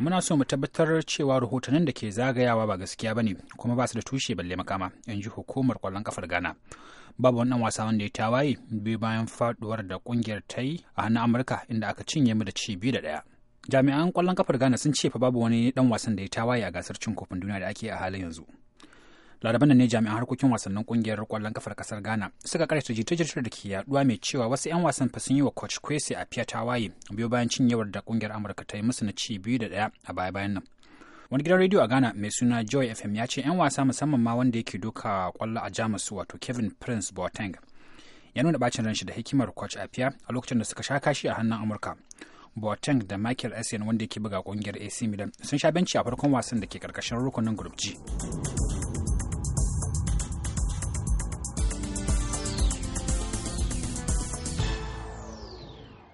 muna so mu tabbatar cewa rahotannin da ke zagayawa ba gaskiya ba ne kuma ba su da tushe balle makama in ji hukumar kwallon kafar gana babu wannan wasa wanda ya tawaye biyu bayan faduwar da kungiyar ta yi a hannun amurka inda aka cinye mu da ci biyu da daya jami'an kwallon kafar gana sun ce fa babu wani dan wasan da ya tawaye a gasar cin kofin duniya da ake a halin yanzu laraban ne jami'an harkokin wasannin kungiyar kwallon kafar kasar ghana suka karyata jita-jitar da ke yaduwa mai cewa wasu 'yan wasan fa sun yi wa coach kwesi a fiya tawaye biyo bayan cinyewar da kungiyar amurka ta yi musu na ci biyu da daya a baya-bayan nan wani gidan rediyo a ghana mai suna joy fm ya ce 'yan wasa musamman ma wanda yake doka kwallo a jamus wato kevin prince boateng ya nuna bacin ranshi da hikimar coach fiya a lokacin da suka sha kashi a hannun amurka Boateng da Michael Essien wanda yake buga kungiyar AC Milan sun sha benci a farkon wasan da ke karkashin rukunin Group G.